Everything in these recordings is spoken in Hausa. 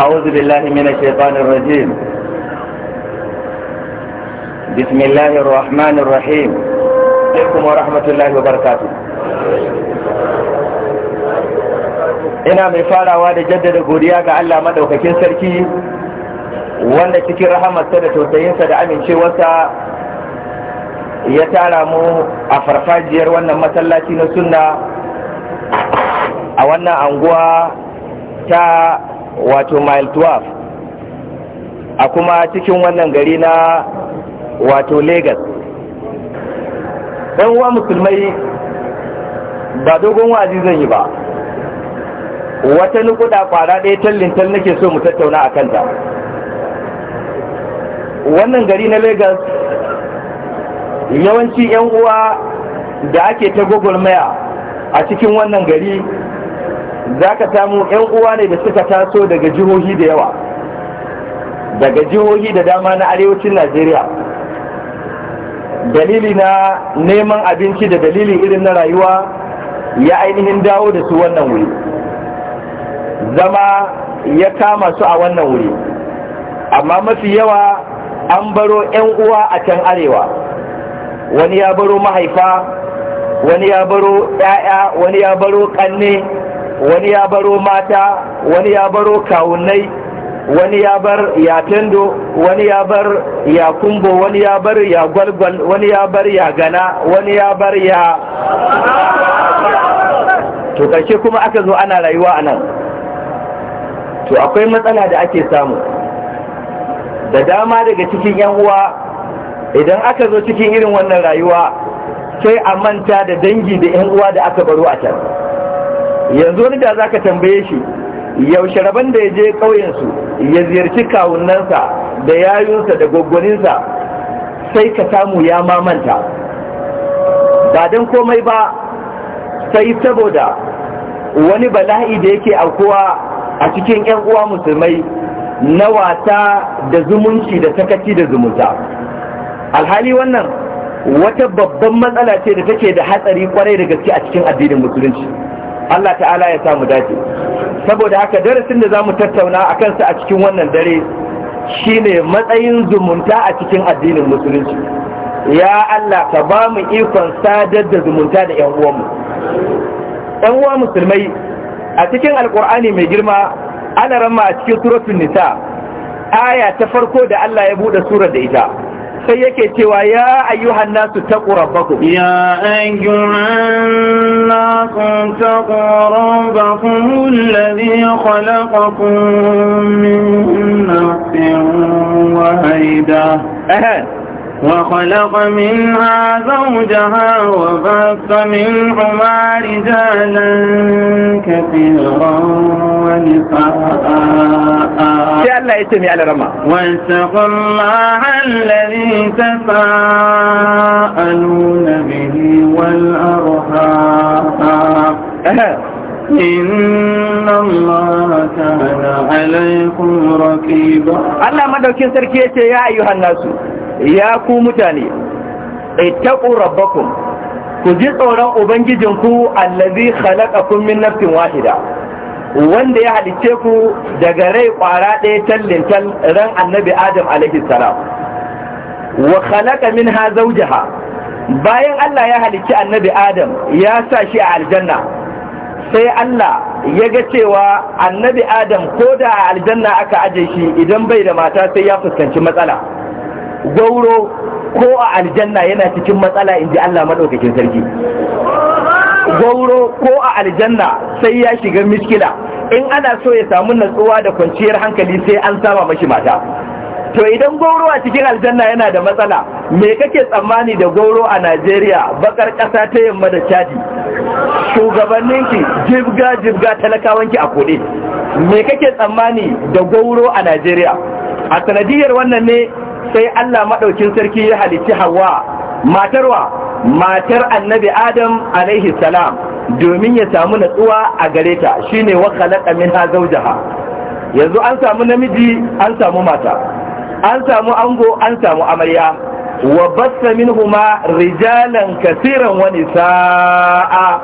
أعوذ بالله من الشيطان الرجيم بسم الله الرحمن الرحيم عليكم ورحمة الله وبركاته ina mai farawa da jaddada godiya ga Allah madaukakin sarki wanda cikin rahamarsa da tausayinsa da amincewarsa ya tara mu a farfajiyar wannan masallaci na sunna a wannan anguwa ta wato mile 12 a kuma cikin wannan gari na wato Legas. ɗan uwa musulmai ba dogon wazi zan yi ba wata nukuda kwara ɗaya tallintal nake so mu tattauna a kanta wannan gari na Legas yawanci 'yan uwa da ake ta maya a cikin wannan gari za ka samu 'yan uwa ne da suka taso daga jihohi da yawa daga jihohi da dama na arewacin najeriya dalili na neman abinci da dalili irin na rayuwa ya ainihin dawo da su wannan wuri zama ya kama su a wannan wuri amma mafi yawa an baro 'yan uwa a can arewa wani ya baro mahaifa wani ya baro 'ya'ya wani ya baro ƙanne. wani ya baro mata wani ya baro kawunai wani ya bar ya tendo wani ya bar ya kumbo wani ya bar ya gwalgwal wani ya bar ya gana wani ya bar ya to karshe kuma aka zo ana rayuwa anan, nan to akwai matsala da ake samu da dama daga cikin yan uwa idan aka zo cikin irin wannan rayuwa sai a manta da dangi da yan uwa da aka baro a can yanzu wani da za ka tambaye shi yaushe rabon da ya je ƙauyensu ya ziyarci kawunansa da yayunsa da gwaggwaninsa sai ka samu ya mamanta ba don komai ba sai saboda wani bala'i da yake aukuwa a cikin 'yan uwa musulmai na wata da zumunci da takaci da zumunta alhali wannan wata babban matsala ce da take da hatsari kwarai da gaske a cikin addinin musulunci Allah ta'ala ya samu dace saboda haka darasin da zamu tattauna a kansa a cikin wannan dare shine matsayin zumunta a cikin addinin musulunci ya Allah ka ba mu ikon sadar da zumunta da ƴan uwanmu ƴan uwa musulmai a cikin alkur'ani mai girma ana ramma a cikin suratul nisa aya ta farko da Allah ya bude surar da ita sai yake cewa ya ayyuhan nasu taqu rabbakum ya ayyuhan nasu taqu rabbakum alladhi khalaqakum min nafsin wahida وخلق منها زوجها وبث منهما رجالا كثيرا Allah ya ce mai alarama wasaqullaha allazi tasaaluna bihi wal arham inna allaha kana alaykum ba. Allah madaukin sarki yace ya ayyuhan nasu ya ku mutane ittaqu rabbakum ku ji tsoron ubangijinku allazi khalaqakum min nafsin wahida wanda ya halice ku daga rai kwara ɗaya tallintal ran annabi adam alaihi salam wa khalaqa minha zawjaha bayan Allah ya halicci annabi adam ya sa shi a aljanna sai Allah ya ga cewa annabi adam ko da a aljanna aka aje shi idan bai da mata sai ya fuskanci matsala gauro ko a aljanna yana cikin matsala inji Allah madaukakin sarki gauro ko a aljanna sai ya shiga miskila in ana so ya samu natsuwa da kwanciyar hankali sai an sama mashi mata to idan gauro a cikin aljanna yana da matsala me kake tsammani da gauro a Najeriya bakar ƙasa ta yamma da Chadi shugabanninki jibga jibga talakawanki a kode me kake tsammani da gauro a Najeriya a sanadiyar wannan ne sai Allah madaukin sarki ya halicci Hawwa matarwa matar annabi adam alaihi salam domin ya samu natsuwa a gare ta shine wa khalaqa minha zawjaha yanzu an samu namiji an samu mata an samu ango an samu amarya wa bassa minhuma rijalan kasiran wa nisaa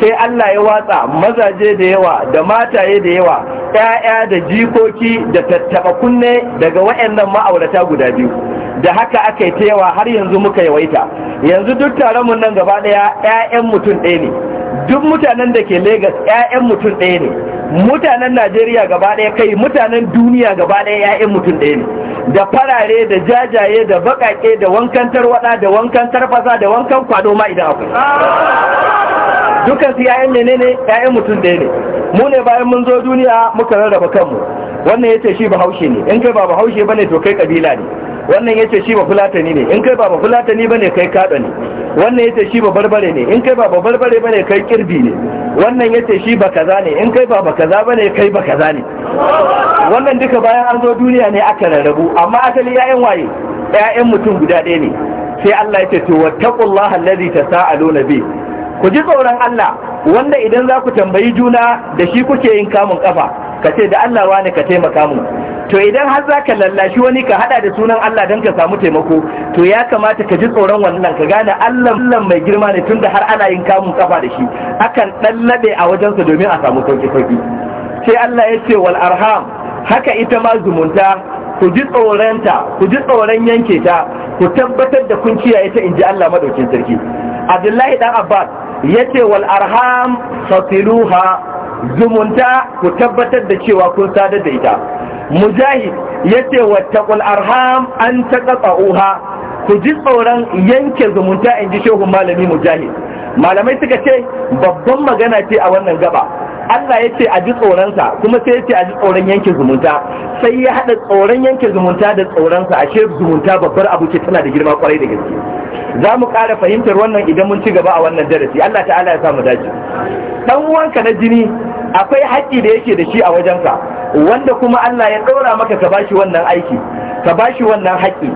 sai Allah ya watsa mazaje da yawa da mataye da yawa ƴaƴa da jikoki da tattaba kunne daga waɗannan ma'aurata guda biyu da haka aka yi yawa har yanzu muka yawaita yanzu duk taron mun nan gaba daya ƴaƴan mutum ɗaya ne duk mutanen da ke Legas 'ya'yan mutum ɗaya ne mutanen Najeriya gaba ɗaya kai mutanen duniya gaba ɗaya ƴaƴan mutum ɗaya ne da farare da jajaye da baƙaƙe da wankan tarwaɗa da wankan tarfasa da wankan kwado ma idan akwai dukan su ƴaƴan menene ƴaƴan mutum ɗaya ne mu ne bayan mun zo duniya muka rarraba kanmu wannan yace shi bahaushe ne in kai ba bahaushe bane to kai kabila ne wannan yace shi ba fulatani ne in kai ba ba fulatani bane kai kada ne wannan yace shi ba barbare ne in kai ba ba barbare bane kai kirbi ne wannan yace shi ba kaza ne in kai ba ba kaza bane kai ba kaza ne wannan duka bayan an zo duniya ne aka rarrabu amma asali ya'yan waye ya'yan mutum guda ɗaya ne sai Allah yace to wattaqullaha allazi tasaaluna bi ku ji tsoron Allah wanda idan za ku tambayi juna da shi kuke yin kamun kafa ka ce da Allah wani ka taimaka mu to idan har za ka lallashi wani ka hada da sunan Allah don ka samu taimako to ya kamata ka ji tsoron wannan ka gane Allah Allah mai girma ne tunda har ana yin kamun kafa da shi akan nade a wajensa domin a samu sauki sauki sai Allah ya ce wal arham haka ita ma zumunta ku ji tsoronta ku ji tsoron yanke ta ku tabbatar da kun kiyaye ta inji Allah madaukin sarki Abdullahi dan Abbas yace wal arham fasiluha zumunta ku tabbatar da cewa kun sadar da ita mujahid yace wattaqul arham an taqta'uha ku ji tsoron yanke zumunta in ji shehu malami mujahid malamai suka ce babban magana ce a wannan gaba Allah ya ce a ji tsoronsa kuma sai ya ce a ji tsoron yanke zumunta sai ya haɗa tsoron yanke zumunta da tsoronsa a ashe zumunta babbar abu ce tana da girma kwarai da gaske za mu ƙara fahimtar wannan idan mun ci gaba a wannan darasi Allah ta'ala ya samu dace dan uwanka na jini akwai haƙƙi da yake da shi a wajen ka, wanda kuma Allah ya ɗora maka ka bashi wannan aiki ka bashi wannan haƙƙi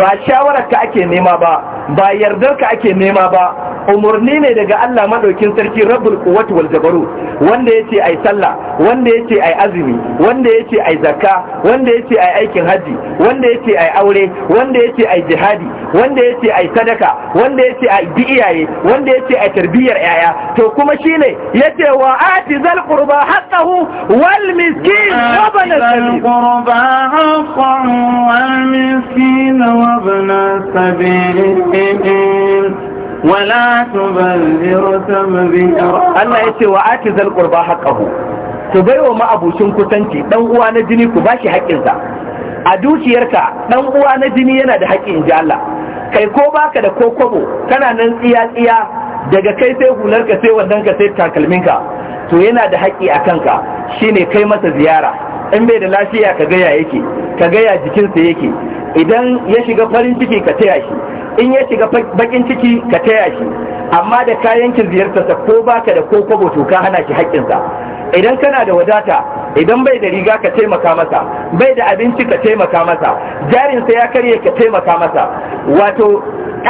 ba shawararka ake nema ba ba yardarka ake nema ba umarni ne daga Allah madaukin sarki rabbul quwwati wal jabaru wanda yace ai sallah wanda yace ai azumi wanda yace ai zakka wanda yace ai aikin haji wanda yace ai aure wanda yace ai jihadi wanda yace ai sadaka wanda yace ai bi iyaye wanda yace ai tarbiyyar yaya to kuma shine yace wa ati zal qurba haqqahu wal miskin wa ibn sabil qurba haqqahu wal miskin wa ibn sabil wala tubazziru tamzira Allah yace wa atizal qurba haqqahu ku baiwa ma'abucin kusanci dan uwa na jini ku bashi sa a dukiyarka dan uwa na jini yana da haƙƙin ji Allah kai ko baka da kokobo? kana nan tsiya tsiya daga kai sai hular ka sai wannan ka sai takalminka to yana da haƙƙi a kanka shine kai masa ziyara in bai da lafiya ka gaya yake ka gaya jikinsa yake idan ya shiga farin ciki ka taya shi in ya shiga bakin ciki ka taya shi amma da kayan ki ziyartarsa ko baka da ko kwabo to ka hana shi sa idan kana da wadata idan bai da riga ka taimaka masa bai da abinci ka taimaka masa jarinsa ya karye ka taimaka masa wato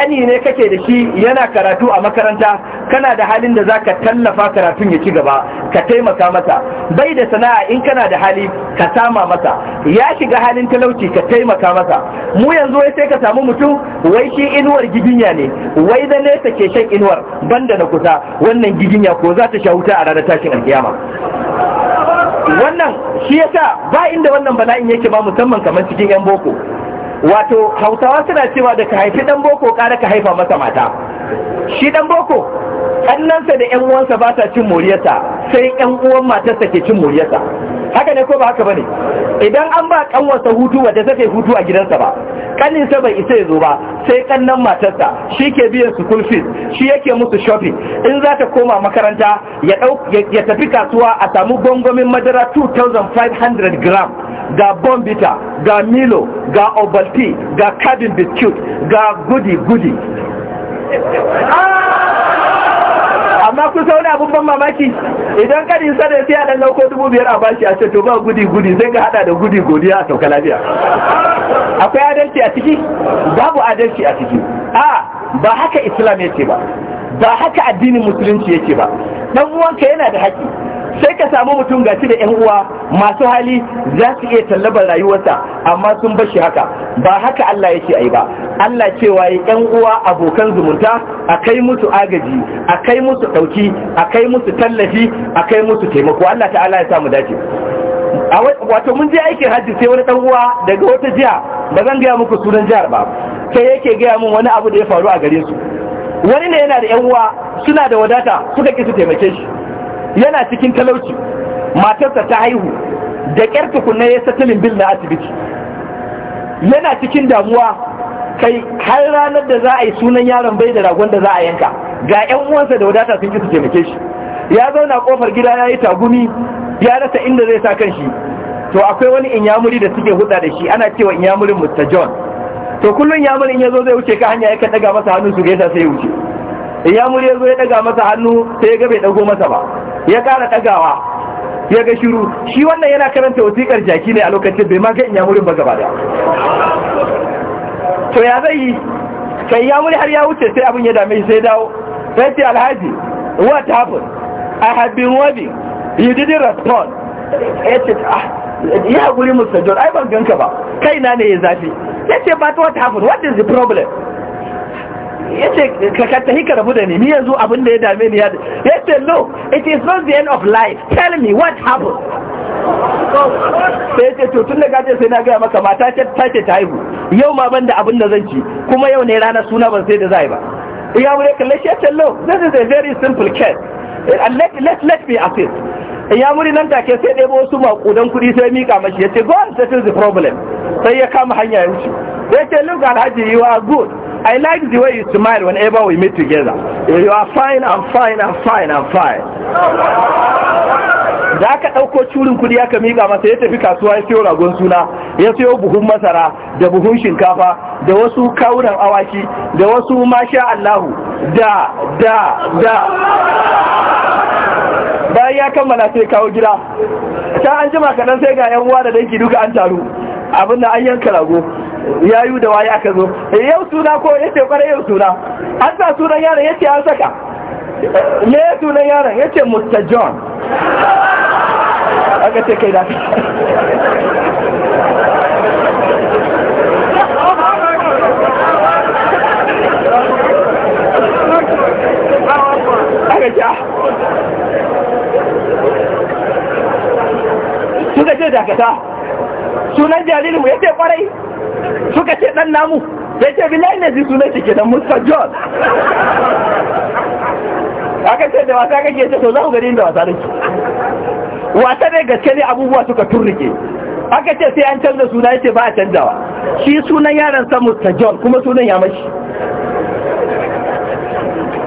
ani ne kake da shi yana karatu a makaranta kana da halin da za ka tallafa karatun ya ci gaba ka taimaka masa bai da sana'a in kana da hali ka sama masa ya shiga halin talauci ka taimaka masa mu yanzu wai sai ka samu mutum wai shi inuwar giginya ne wai da nesa ke shan inuwar banda na kusa wannan giginya ko za ta sha wuta a ranar tashin alkiyama wannan shi yasa ba inda wannan bala'in yake ba musamman kamar cikin yan boko wato hausawa suna cewa da ka haifi dan boko kara ka haifa masa mata shi dan boko kannansa da yan uwansa ba sa cin moriyarsa sai yan uwan matarsa ke cin moriyarsa haka ne ko ba haka bane idan an ba kanwarsa hutu ba zai sake hutu a gidansa ba kaninsa bai isa ya zo ba sai kannan matarsa shi ke biyan school fees shi yake musu shopping in za ta koma makaranta ya tafi kasuwa a samu gongomin madara 2500 gram ga bombita ga milo ga obalti ga cabin biscuit ga gudi gudi amma kun sauna abin ban mamaki idan kadi sa da sai a dan lauko dubu biyar a bashi a ce to ba gudi gudi zai ga hada da gudi godiya a sauka lafiya akwai adalci a ciki babu adalci a ciki a ba haka islam yake ba ba haka addinin musulunci yake ba dan uwanka yana da haƙƙi sai ka samu mutum gaci da 'yan uwa masu hali za su iya tallabar rayuwarsa amma sun bashi haka ba haka Allah ya ce ai ba Allah cewa 'yan uwa abokan zumunta a kai musu agaji a kai musu ɗauki a kai musu tallafi a kai musu taimako Allah ta'ala ya samu dace wato mun je aikin hajji sai wani uwa daga wata jiha ba zan gaya muku sunan jihar ba sai yake gaya min wani abu da ya faru a gare su wani ne yana da 'yan uwa suna da wadata suka ki su taimake shi yana cikin talauci matarsa ta haihu da ƙyar tukunna ya satalin bil na asibiti yana cikin damuwa kai har ranar da za a yi sunan yaron bai da ragon da za a yanka ga 'yan uwansa da wadata sun ki su taimake shi ya zauna kofar gida ya yi tagumi ya rasa inda zai sa kan shi to akwai wani inyamuri da suke huda da shi ana cewa inyamurin Mr. John to kullum inyamurin ya zo zai wuce ka hanya yakan daga masa hannu su gaisa sai ya wuce inyamuri ya zo ya daga masa hannu sai ya ga bai dago masa ba ya kara ɗagawa ya ga shiru shi wannan yana karanta wasiƙar jaki ne a lokacin bai ma ga in yamurin ba gaba da to ya zai yi kai yamuri har ya wuce sai abin ya dame sai dawo sai ce alhaji what happened i have been warning you didn't respond ya ce ah, ya haƙuri musta john ai ban ganka ba kai na ne ya zafi ya ce but what happened what is the problem ya ce kakatahi hika rabu da ni ni yanzu abin da ya dame ni ya ya ce no it is not the end of life tell me what happened sai ya ce tutun tun da gajiyar sai na gaya maka mata ta ce ta haihu yau ma ban da abin da zan ci kuma yau ne ranar suna ban sai da za ba ya wuri kalle shi ya ce no this is a very simple case eh, and let let let me it ya wuri nan take sai ɗebo wasu maƙudan kuɗi sai mika mashi ya ce go and settle the problem sai ya kama hanya ya wuce ya ce look alhaji you are good I like the way you smile whenever we meet together. You are fine, I'm fine, I'm fine, I'm fine. Da aka ɗauko curin kudi aka miƙa masa ya tafi kasuwa ya siyo ragon suna, ya siyo buhun masara da buhun shinkafa da wasu kawunan awaki da wasu masha Allahu da da da. Bayan ya kammala sai kawo gida, ta an jima kaɗan sai ga 'yan uwa da danki duka an taru, abin da an yanka rago. yayu da waye aka zo eh, yau suna ko yace kwarai yau suna an sa sunan yaron yace an saka me sunan yaron yace Mr John aka ce kai da ah. suka ce dakata sunan jaririnmu ya ce kwarai suka ce ɗan namu ya ce bilayi ne zai sunan cike da musta john aka ce da wasa kake ce to za ku gari da wasa da ke wasa ne gaske ne abubuwa suka turrike aka ce sai an canza suna ya ce ba a canzawa shi sunan yaran sa musta john kuma sunan ya mashi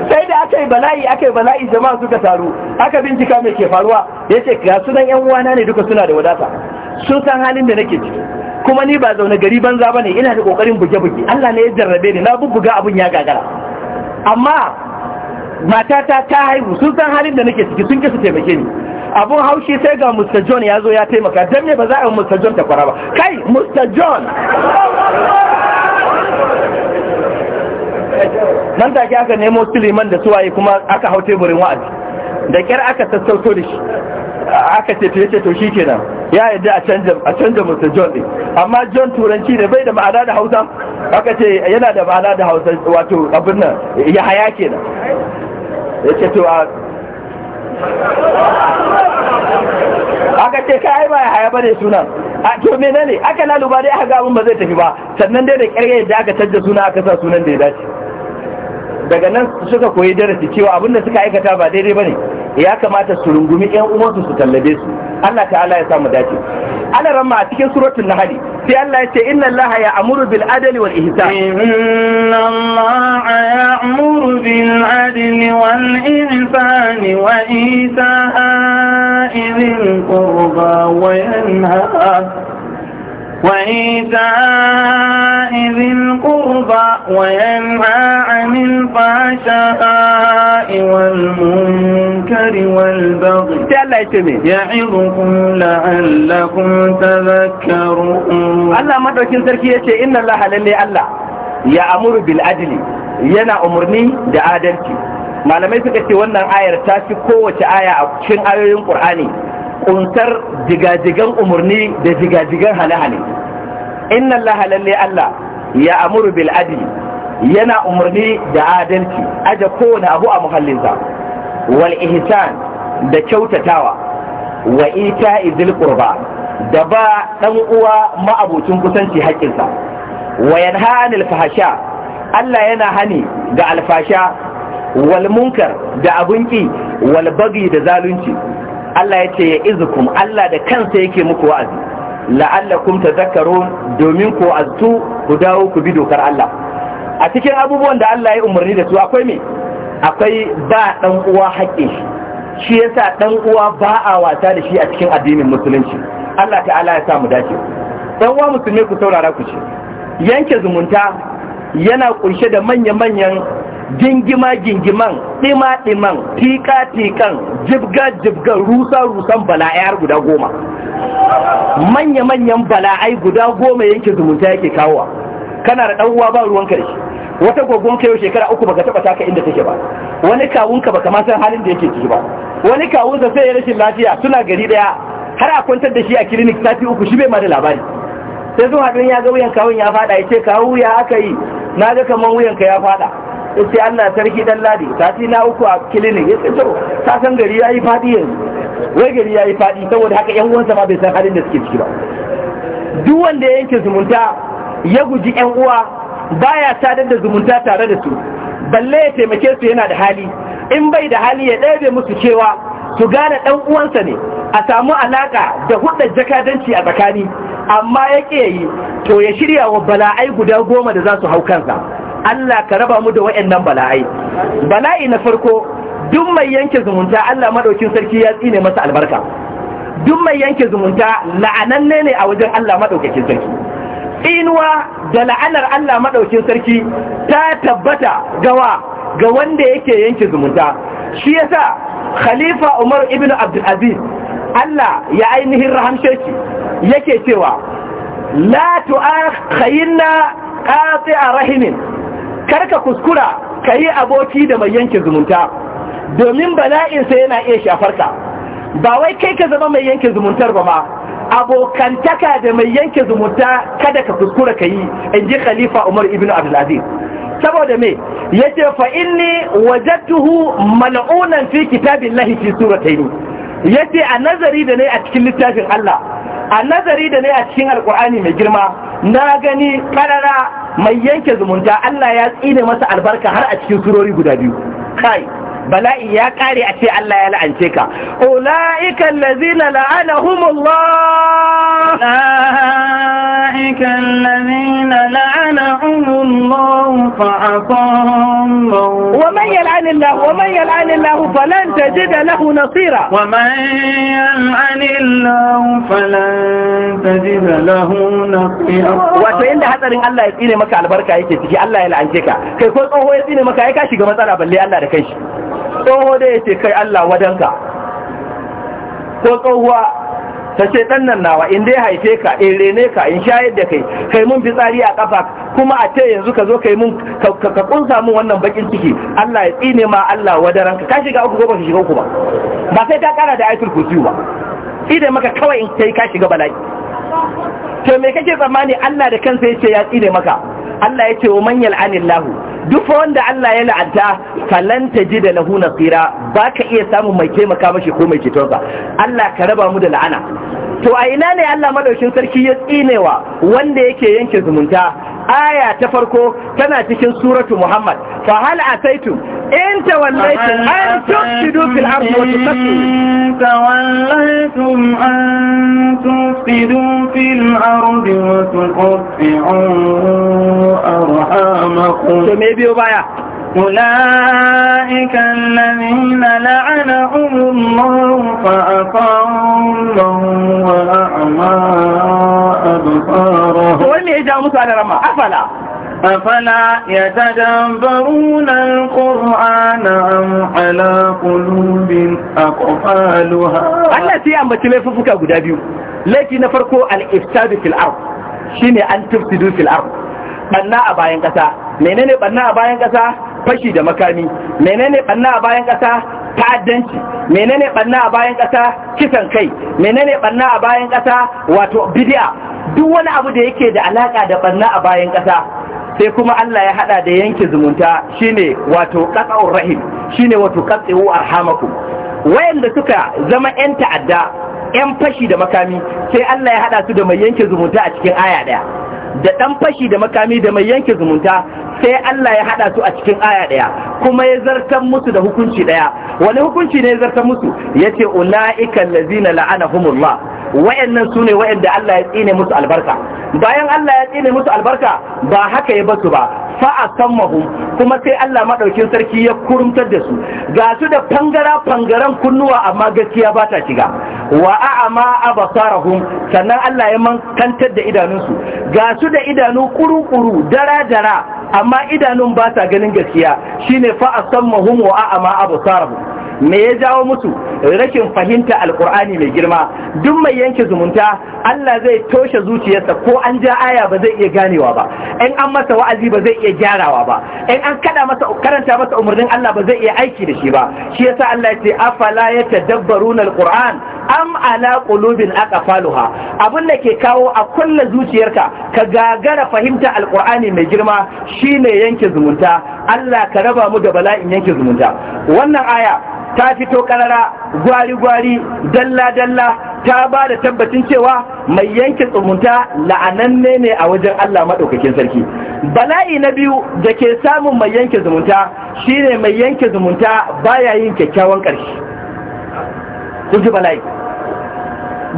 sai da aka yi bala'i aka yi bala'i jama'a suka taru aka bincika mai ke faruwa ya ce ga sunan yan uwana ne duka suna da wadata sun san halin da nake ciki kuma ni ba zaune gari banza bane ina da kokarin buge-buge Allah ne ya jarrabe ni na bubbuga abun ya gagara amma matata ta haihu sun san halin da nake ciki sun kisa taimake ni abun haushi sai ga Mr. John ya zo ya taimaka dan me ba za a yi Mr. John ta kwara ba kai Mr. John nan ke aka nemo Suleiman da suwaye kuma aka hau teburin wa'azi da kyar aka sassauto da shi aka ce to yace to shikenan ya yadda a canza a John din amma John turanci ne bai da ma'ana da Hausa aka ce yana da ma'ana da Hausa wato abin nan ya haya kenan ce to a aka ce kai ma ya haya bane sunan a to menene aka lalubar da aka ga abin ba zai tafi ba sannan dai da ƙarya yadda aka canza suna aka sa sunan da ya dace daga nan suka koyi darasi cewa abin da suka aikata ba daidai bane ya kamata su rungumi ƴan uwansu su tallabe su Allah ta'ala ya samu dace ana ramma a cikin suratul nahl sai Allah ya ce inna Allah ya amuru bil adli wal ihsan inna Allah ya amuru bil adli wal ihsan wa ita'i dhil qurba wa yanha وإيتاء ذي القربى وينهى عن الفحشاء والمنكر والبغي يعظكم لعلكم تذكرون الله ما دوكين sarki yace inna Allah lalle Allah ya amuru bil adli yana umurni da adalci malamai suka ce wannan ayar ta fi kowace aya a cikin ayoyin Qur'ani kuntar jigajigan umarni da jigajigan hane-hane inna Allah lalle Allah ya amuru bil yana umarni da adalci aje kowane abu a muhallinsa wal ihsan da kyautatawa wa ita'i dhil qurba da ba dan uwa ma'abucin kusanci haƙƙinsa wa yanha anil fahsha Allah yana hani ga alfasha wal munkar da abunki wal bagi da zalunci Allah ya ce ya izukum Allah da kansa yake muku wa'azi la'allakum tadhakkarun domin ku azu, ku dawo ku bi dokar Allah a cikin abubuwan da Allah ya umarni da su akwai me akwai ba dan uwa haƙƙi shi yasa dan uwa ba a wata da shi a cikin addinin musulunci Allah ta'ala ya sa mu dace dan uwa musulmi ku saurara ku ce yanke zumunta yana kunshe da manya-manyan gingima gingiman dima diman tika tikan jibga jibgan rusa rusan bala'ayar guda goma manya manyan bala'ai guda goma yanke zumunta yake kawowa kana da ɗauwa ba ruwan kare wata gogon kayo shekara uku baka taba taka inda take ba wani kawunka baka ma san halin da yake ciki ba wani kawunsa sai ya rashin lafiya suna gari daya har a kwantar da shi a clinic sati uku shi bai ma da labari sai zuwa haɗin ya ga wuyan kawun ya fada ya ce kawu ya aka yi na ga kaman wuyanka ya fada Sai Allah sarki dan ladi sati na uku a kilini ya to ta san gari yayi fadi yanzu wai gari yayi fadi saboda haka yan uwansa ma bai san halin da suke ciki ba duk wanda ya yanke zumunta ya guji yan uwa baya sadar da zumunta tare da su balle ya taimake su yana da hali in bai da hali ya ɗebe musu cewa su gane ɗan uwansa ne a samu alaƙa da hudar jakadanci a tsakani amma ya yi to ya shirya wa bala'ai guda goma da za su hau kansa Allah ka raba mu da waɗannan bala'ai bala'i na farko duk mai yanke zumunta Allah madaukin sarki ya tsine masa albarka duk mai yanke zumunta la'ananne ne a wajen Allah madaukakin sarki tsinuwa da la'anar Allah madaukin sarki ta tabbata gawa ga wanda yake yanke zumunta shi yasa khalifa Umar ibn Abdul Allah ya ainihin rahamshe yake cewa la tu'akhayna a rahimin karka kuskura ka yi aboki da mai yanke zumunta domin bala'insa yana iya shafar ka ba wai kai ka zama mai yanke zumuntar ba ma abokantaka da mai yanke zumunta kada ka kuskura ka yi in ji khalifa umar ibn abdulaziz saboda me ya ce fa inni wajattuhu mal'unan fi kitabillahi fi suratayn yace a nazari da ne a cikin littafin Allah a nazari da ne a cikin alkur'ani mai girma na gani karara mai yanke zumunta Allah ya tsine masa albarka har a cikin surori guda biyu kai bala'i ya kare a ce Allah ya la'ance ka ulaika allazina la'anahumullah ulaika allazina la'anahumullah fa'aqahum ومن يلعن الله ومن يلعن الله فلن تجد له نصيرا ومن يلعن الله فلن تجد له نصيرا wato inda hatsarin Allah ya tsine maka albarka yake ciki Allah ya la'ance ka kai ko tsoho ya tsine maka ya ka shiga matsala balle Allah da kai shi tsoho da yace kai Allah wadanka ko tsohuwa ta ce ɗan nan nawa in dai haife ka in rene ka in shayar da kai kai mun fitsari a kafa kuma a ce yanzu ka zo kai mun ka kunsa mun wannan bakin ciki Allah ya tsine ma Allah wadaran ka shiga uku ko ba shiga uku ba ba sai ka kara da ayatul kursiyu ba idan maka kawai in kai ka shiga bala'i to me kake tsammani Allah da kansa yace ya tsine maka Allah yace wa man yal'anillahu duk wanda Allah ya la'anta falan ji da lahu nasira ba ka iya samun mai taimaka mashi ko mai ba. Allah ka raba mu da la'ana to a ina ne Allah madaukin sarki ya tsinewa wanda yake yanke zumunta aya ta farko tana cikin suratu Muhammad fa hal ataitu in tawallaytum an tusidu fil ardi wa tufsidu tawallaytum an tusidu fil ardi wa tuqti'u arhamakum to me biyo baya أولئك الذين لعنهم الله فأطاعوا الله وأعمى أبصارهم أفلا أفلا يتدبرون القرآن أم على قلوب أقفالها Allah sai ambaci laifuffuka guda biyu laifi na farko al-ifsadu fil shine an tufsidu fil banna a bayan kasa menene banna a bayan kasa fashi da makami menene banna a bayan kasa ta'addanci menene banna a bayan kasa kisan kai menene banna a bayan kasa wato bid'a duk wani abu da yake da alaka da banna a bayan kasa sai kuma Allah ya hada da yanke zumunta shine wato qat'ur rahim shine wato qat'u arhamakum wayanda suka zama yan ta'adda yan fashi da makami sai Allah ya hada su da mai yanke zumunta a cikin aya daya da ɗan fashi da makami da mai yanke zumunta sai Allah ya haɗa su a cikin aya ɗaya kuma ya zartan musu da hukunci ɗaya wani hukunci ne ya zartan musu ya ce ula'ikan lazina la'anahumullah wayannan su ne wayanda Allah ya tsine musu albarka bayan Allah ya tsine musu albarka ba haka ya basu ba fa asammahum kuma sai Allah maɗaukin sarki ya kurumtar da su ga su da fangara fangaran kunnuwa amma gaskiya ba ta shiga wa a'ama abasarahum sannan Allah ya mankantar da idanunsu ga su da idanu kuru-kuru dara-dara amma idanun ba ta ganin gaskiya shine fa asammahum wa a'ama abasarahum me ya jawo musu rashin fahimta alkur'ani mai girma duk mai yanke zumunta Allah zai toshe zuciyarsa ko an ja aya ba zai iya ganewa ba in an masa wa'azi ba zai iya gyarawa ba in an kada masa karanta masa umarnin Allah ba zai iya aiki da shi ba shi yasa Allah ya ce afala yatadabbaruna alquran am ala qulubin aqfaluha abin da ke kawo a kulla zuciyarka ka gagara fahimta alqur'ani mai girma shine yanke zumunta Allah ka raba mu da bala'in yanke zumunta wannan aya ta fito karara gwari-gwari dalla-dalla ta ba da tabbacin cewa mai yanke tsumunta la'ananne ne a wajen Allah maɗaukakin sarki bala'i na biyu da ke samun mai yanke zumunta shine mai yanke zumunta baya yin kyakkyawan ƙarshe sun ji bala'i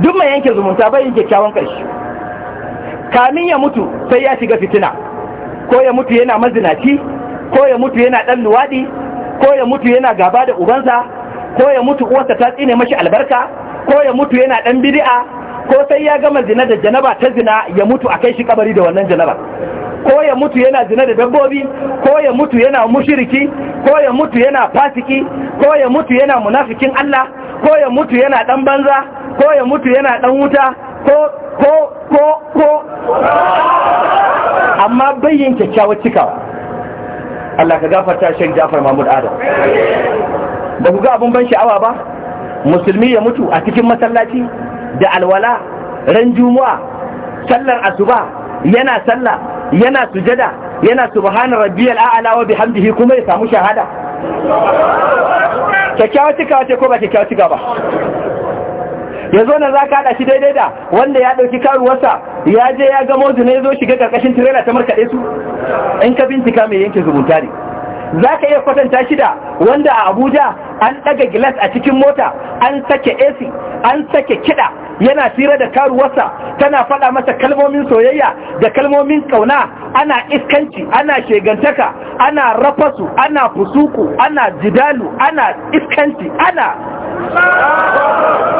duk mai yanke zumunta ba yin kyakkyawan ƙarshe kamin ya mutu sai ya shiga fitina ko ya mutu yana mazinaci ko ya mutu yana ɗan luwaɗi ko ya mutu yana gaba da ubansa ko ya mutu uwarsa ta tsine mashi albarka ko ya mutu yana dan bid'a ko sai ya gama zina da janaba ta zina ya mutu akai shi kabari da wannan janaba ko ya mutu yana zina da dabbobi ko ya mutu yana mushiriki ko ya mutu yana fasiki ko ya mutu yana munafikin Allah ko ya mutu yana dan banza ko ya mutu yana dan wuta ko ko ko ko amma bayyin kyakkyawar cikawa Allah ka gafarta Sheikh Jafar Mahmud Adam ba ku ga abun ban sha'awa ba musulmi ya mutu a cikin masallaci da alwala ran juma'a sallar asuba yana sallah yana sujada yana subhana rabbiyal a'la wa bihamdihi kuma ya samu shahada kyakkyawa cikawa ce ko ba kyakkyawa ba zo na za ka haɗa shi daidai da wanda ya ɗauki karuwarsa ya je ya ga na ya zo shiga ƙarƙashin tirela ta markaɗe su in ka bincika mai yanke zumunta ne za ka iya kwatanta shi da wanda a abuja an ɗaga gilas a cikin mota an sake ac an sake kiɗa yana tsira da karuwarsa tana faɗa masa kalmomin soyayya da kalmomin ƙauna ana iskanci ana shegantaka ana rafasu ana fusuku ana jidalu ana iskanci ana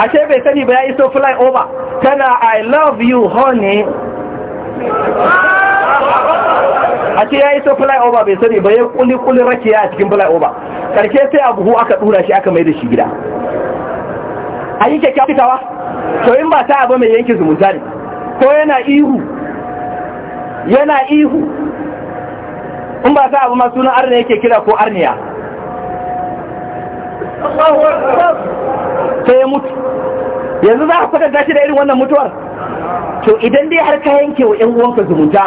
ashe bai sani ba ya so fly over tana i love you honey a ce ya so fly over bai sani ba ya kuli kuli rakiya a cikin fly over karshe sai abu hu aka dura shi aka mai da shi gida a yi kyakkyawa fitawa to in ba ta abu mai yanki zumunta ne ko yana ihu yana ihu in ba ta abu masu na arna yake kira ko arniya sai ya mutu yanzu za a kwatanta gashi da irin wannan mutuwar to idan dai har ka yanke wa ‘yan uwanka zumunta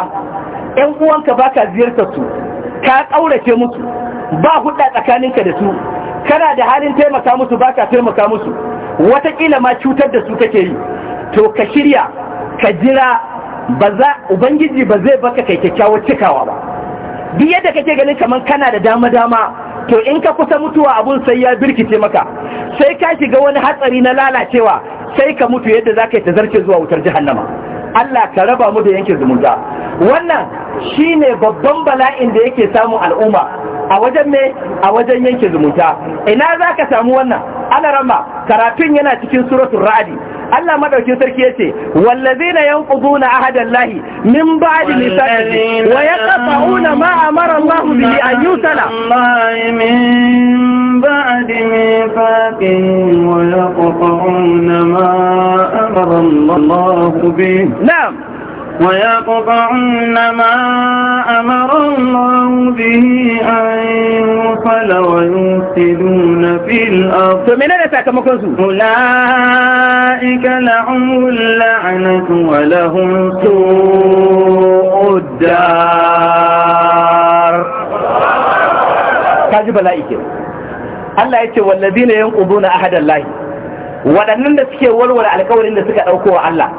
‘yan uwanka ba ka ziyartar su ka ƙaurace musu ba hudda tsakaninka da su kana da halin taimaka musu ba ka taimaka musu watakila ma cutar da su kake yi to ka shirya ka jira ubangiji ba zai baka kai kyakkyawar cikawa ba duk yadda kake ganin kamar kana da dama-dama to in ka kusa mutuwa abun sai ya birkice maka sai ka shiga wani hatsari na lalacewa sai ka mutu yadda za ka yi tazarce zuwa wutar jahannama Allah ka raba mu da yankin zumunta wannan shi ne babban bala'in da yake samun al'umma a wajen me a wajen yanke zumunta ina za ka samu wannan ana rama karatun yana cikin suratun ra'adi Allah madaukin sarki yace wallazina yanquduna ahadallahi min ba'di misaqihi wa yaqta'una ma amara Allah bihi an yusala بعد ميثاقهم ويقطعون ما أمر الله به نعم ويقطعن ما أمر الله به أن يوصل ويفسدون في الأرض أولئك لهم اللعنة ولهم سوء الدار kaji bala'i ke Allah ya ce ne yan ƙudu na ahadallahi waɗannan da suke warware alkawarin da suka ɗauko wa Allah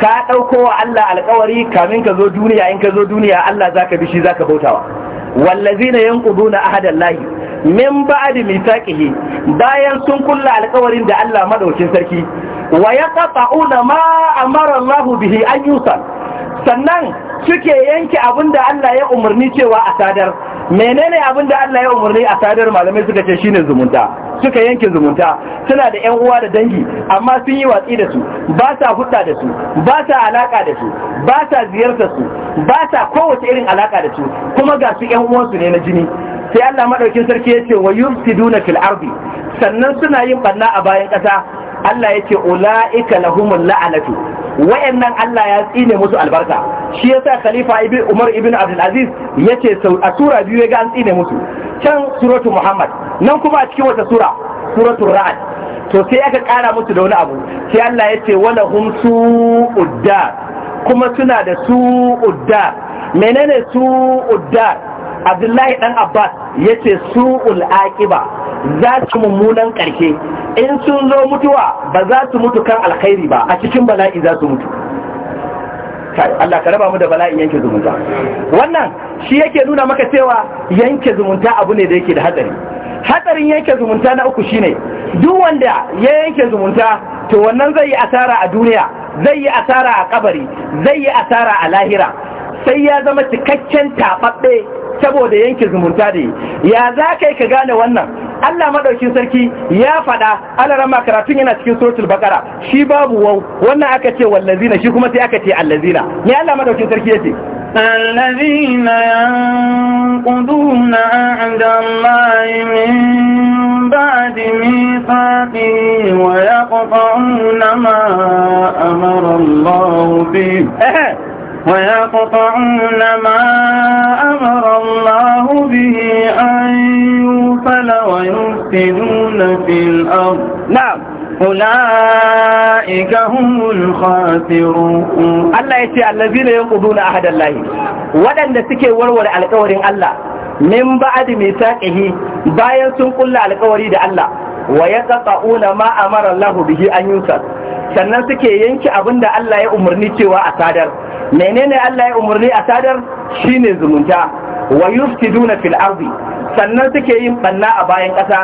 ka ɗauko wa Allah alkawari kamin ka zo duniya in ka zo duniya Allah zaka bi shi zaka bautawa wallazina yanquduna ahadallahi min ba'di mithaqihi bayan sun kulla alkawarin da Allah madaukin sarki wa yaqta'una ma amara Allah bihi an sannan suke yanke abin da Allah ya umarni cewa a sadar menene abin da Allah ya umarni a sadar malamai suka ce shine zumunta suka yanke zumunta suna da ƴan uwa da dangi amma sun yi watsi da su ba sa hudda da su ba sa alaka da su ba sa ziyartar su ba sa kowace irin alaka da su kuma ga su ƴan uwansu ne na jini sai Allah maɗaukin sarki yace wa yufsiduna fil ardi sannan suna yin banna a bayan ƙasa Allah yake ulaika lahumul la'anatu wayannan Allah ya tsine musu albarka shi yasa khalifa ibn Umar ibn Abdul Aziz yace a sura biyu ya ga an tsine musu can suratu Muhammad nan kuma a cikin wata sura suratul Ra'd to sai aka kara musu da wani abu sai Allah yace wala hum su'udda kuma suna da su'udda menene su'udda Abdullahi dan Abbas yace su'ul aqiba za su mummunan ƙarshe in sun zo mutuwa ba za su mutu kan alkhairi ba a cikin bala'i za su mutu Allah ka raba mu da bala'in yanke zumunta wannan shi yake nuna maka cewa yanke zumunta abu ne da yake da hatsari hatsarin yanke zumunta na uku shine duk wanda ya yanke zumunta to wannan zai yi asara a duniya zai yi asara a kabari zai yi asara a lahira sai ya zama cikakken tababbe saboda yanke zumunta da ya za ka ka gane wannan Allah madaukin sarki ya faɗa alarama karatun yana cikin suratul bakara shi babu wau wannan aka ce wallazina shi kuma sai aka ce allazina me Allah madaukin sarki yace الذين ينقضون عهد الله من بعد ميثاقه ويقطعون ما أمر الله به ويقطعون ما أمر الله به أن يوصل ويفسدون في الأرض نعم أولئك هم الخاسرون الله يتي الذين ينقضون أحد الله ودن سكي ورور على قول الله من بعد ميثاقه bayan sun kulla alkawari da Allah wa ya tsaka'una ma amara Allah bihi an yusa sannan suke yanke abin da Allah ya umarni cewa a sadar menene Allah ya umarni a sadar shine zumunta wa yufsiduna fil ardi sannan suke yin banna a bayan ƙasa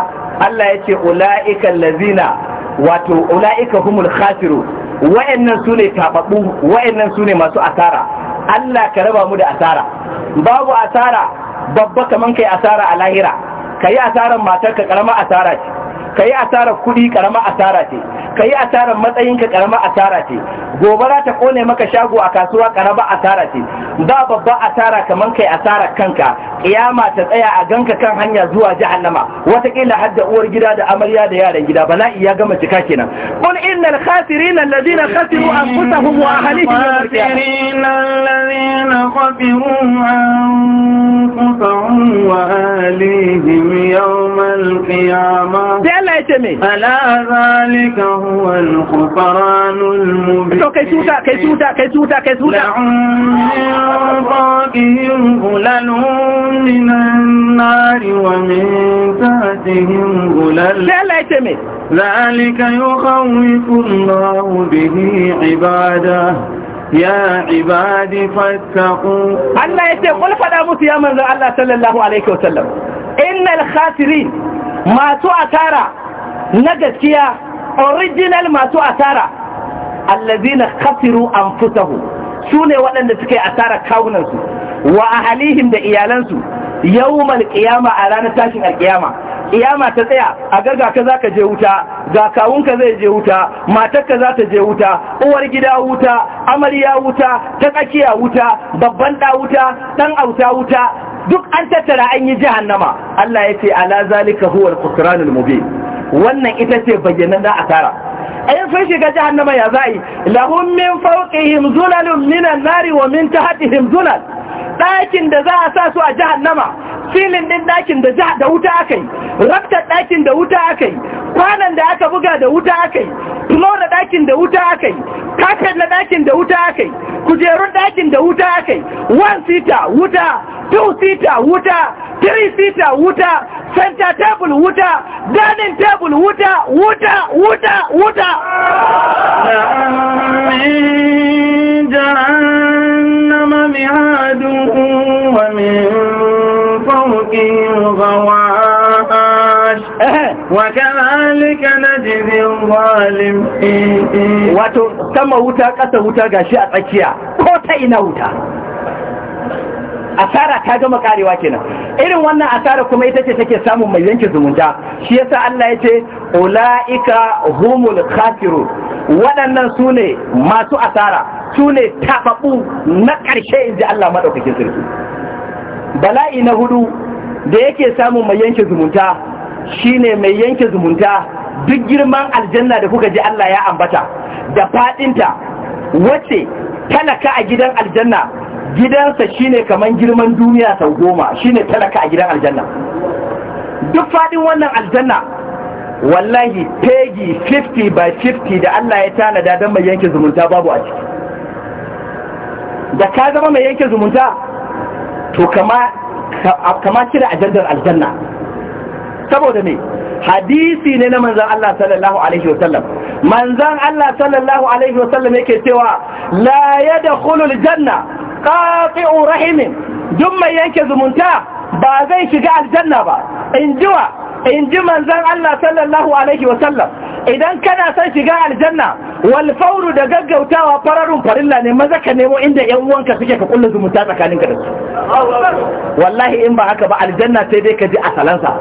Allah ya ce ulaika allazina wato ulaika humul khasiru wayannan sune tababbu wayannan sune masu asara Allah ka raba mu da asara babu asara babba kaman kai asara a lahira yi asaran matarka karama asara ce ka yi asarar kuɗi karama asara ce ka yi asarar matsayinka karama asara ce gobara ta kone maka shago a kasuwa karama asara ce ba babba asara kamar kai asarar kanka kiyama ta tsaya a ganka kan hanya zuwa jahannama watakila har da uwar gida da amarya da yaran gida bala'i ya gama cika kenan qul innal khasirina alladhina khasiru anfusahum wa ahlihim yawmal alladhina khasiru anfusahum wa ahlihim yawmal qiyamah Allah ya ce me ala zalika huwa al-khufranul mubin to kai tuta kai tuta kai tuta kai tuta faqihim ulalun minan nar wa min musu ya masu asara na gaskiya original masu asara allazina khasiru anfusahum su ne waɗanda suke asara kawunansu wa ahalihim da iyalansu yawmal qiyama a ranar tashin alqiyama Ƙiyama ta tsaya a garga ka zaka je wuta ga kawunka zai je wuta matarka za ta je wuta uwar gida wuta amarya wuta ta tsakiya wuta babban da wuta dan auta wuta duk an tattara an yi jahannama Allah ya ce ala zalika huwa al-qusranul mubin wannan ita ce bayyanan da asara ayin sun shiga jahannama ya za'i lahum min fawqihim zulalun minan nari wa min tahtihim zulal dakin da za a sa su a jahannama filin din ɗakin da wuta aka yi raftar ɗakin da wuta aka yi kwanan da aka buga da wuta aka yi tulo da ɗakin da wuta aka yi kakar na ɗakin da wuta aka yi kujerun ɗakin da wuta aka yi one sita wuta two sita wuta three sita wuta center table wuta dining table wuta wuta wuta wuta من جهنم مهاد ومن wato sama wuta ƙasa wuta gashi a tsakiya ko ta ina wuta asara ta gama karewa kenan irin wannan asara kuma ita ce take samun mai yanke zumunta shi yasa Allah ya ce ulaika humul khasirun waɗannan sune masu asara sune ne na ƙarshe inji Allah maɗaukakin sarki bala'i na hudu da yake samun mai yanke zumunta shine mai yanke zumunta duk girman aljanna da kuka ji Allah ya ambata da fadinta wace talaka a gidan aljanna gidansa shine kaman girman duniya sau goma shine talaka a gidan aljanna duk fadin wannan aljanna wallahi pegi 50 by 50 da Allah ya tanada don mai yanke zumunta babu a ciki da ka zama mai yanke zumunta to kama kama cire ajandar aljanna saboda me hadisi ne na manzan Allah sallallahu alaihi wasallam manzan Allah sallallahu alaihi wasallam yake cewa la yadkhulu janna, ƙafi rahimin duk mai yanke zumunta ba zai shiga aljanna ba in jiwa in ji manzan Allah sallallahu alaihi wasallam idan kana son shiga aljanna wal fawru da gaggautawa fararun farilla ne maza ka nemo inda yan uwanka suke ka kullu zumunta ka da su wallahi in ba haka ba aljanna sai dai ka ji a salansa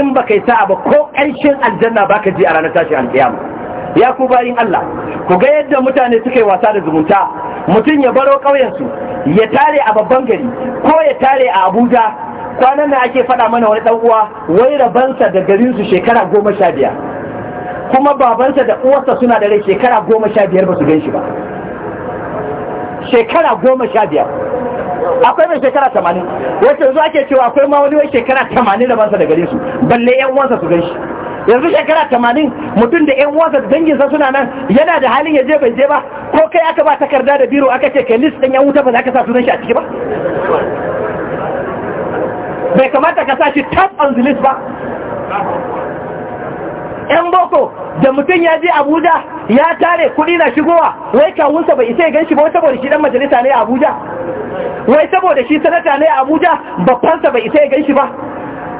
in ba kai sa'a ba ko ƙarshen aljanna ba ka ji a ranar tashi alƙiyama ya ku bayin Allah ku ga yadda mutane suke wasa da zumunta mutum ya baro su ya tare a babban gari ko ya tare a Abuja kwanan da ake faɗa mana wani ɗan uwa wai rabansa da garinsu shekara goma sha biyar kuma babansa da uwarsa suna da rai shekara goma sha biyar ba su gan shi ba shekara goma sha biyar akwai mai shekara tamanin wacce yanzu ake cewa akwai ma wani wai shekara tamanin da bansa da gare su balle yan uwansa su gan shi yanzu shekara tamanin mutum da yan uwansa da danginsa suna nan yana da halin ya je bai je ba ko kai aka ba takarda da biro aka ce kai list ɗan yan wuta ba za ka sa sunan shi a ciki ba bai kamata ka sa shi top on the list ba 'yan boko da mutum ya je abuja ya tare kuɗi na shigowa wai kawunsa bai isa ya gan shigowa ba saboda shi dan majalisa ne abuja wai saboda shi sanata ne a abuja babbansa bai isa ya gan shi ba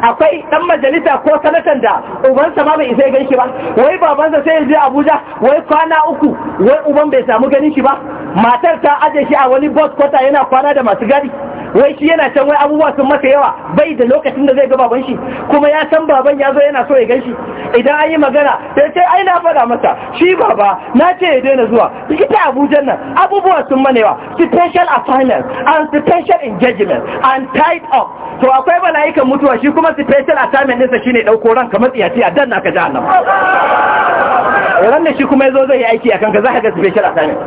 akwai dan majalisa ko sanatan da ubansa ma bai isa gan ba wai babansa sai ya je Abuja wai kwana uku wai uban bai samu ganin shi ba matar ta aje shi a wani bus kwata yana kwana da masu gari wai shi yana can wai abubuwa sun masa yawa bai da lokacin da zai ga baban shi kuma ya san baban ya zo yana so ya gan shi idan an yi magana sai ce ai na faɗa masa shi baba na ce ya daina zuwa ita abuja nan abubuwa sun mana yawa special assignment and special engagement and tied up to akwai mala'ikan mutuwa shi kuma kuma special assignment ɗinsa shine ɗauko ran kamar tsiyaci a dan naka jahannam ran da shi kuma yazo zai yi aiki a kanka za ka ga special assignment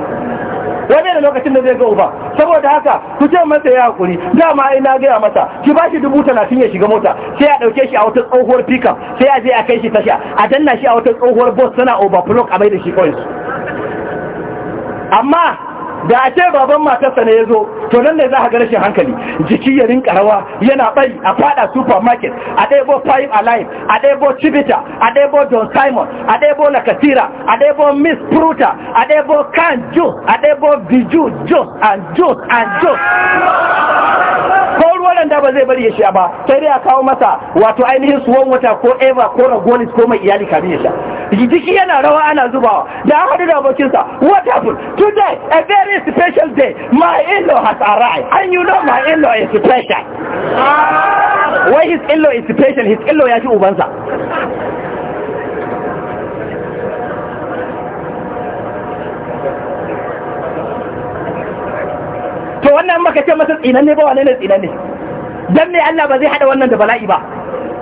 wani da lokacin da zai ga uba saboda haka ku ce masa ya hakuri dama ai na gaya masa ki bashi dubu talatin ya shiga mota sai a dauke shi a wata tsohuwar pickup sai a je a kai shi tasha a danna shi a wata tsohuwar bus tana overflow a bai da shi kawai amma da a ce baban matarsa ne ya zo to nan ne za a ga rashin hankali jiki ya rinka rawa yana bai a fada supermarket a ɗebo five alive a ɗebo chibita a ɗebo don simon a ɗebo Nakatira, a ɗebo miss pruta a ɗebo can juice a ɗebo biju juice and juice and juice ko ruwan da ba zai bari ya sha ba sai dai a kawo masa wato ainihin suwan wata ko eva ko ragolis ko mai iyali kamin ya sha jiki yana rawa ana zubawa da an haɗu da abokinsa what happened today a very special day my in-law has arrived and you know my in-law is special why his in-law is special his in-law ya ci ubansa to wannan maka ce masa tsinanne ba wane ne tsinanne dan ne Allah ba zai hada wannan da bala'i ba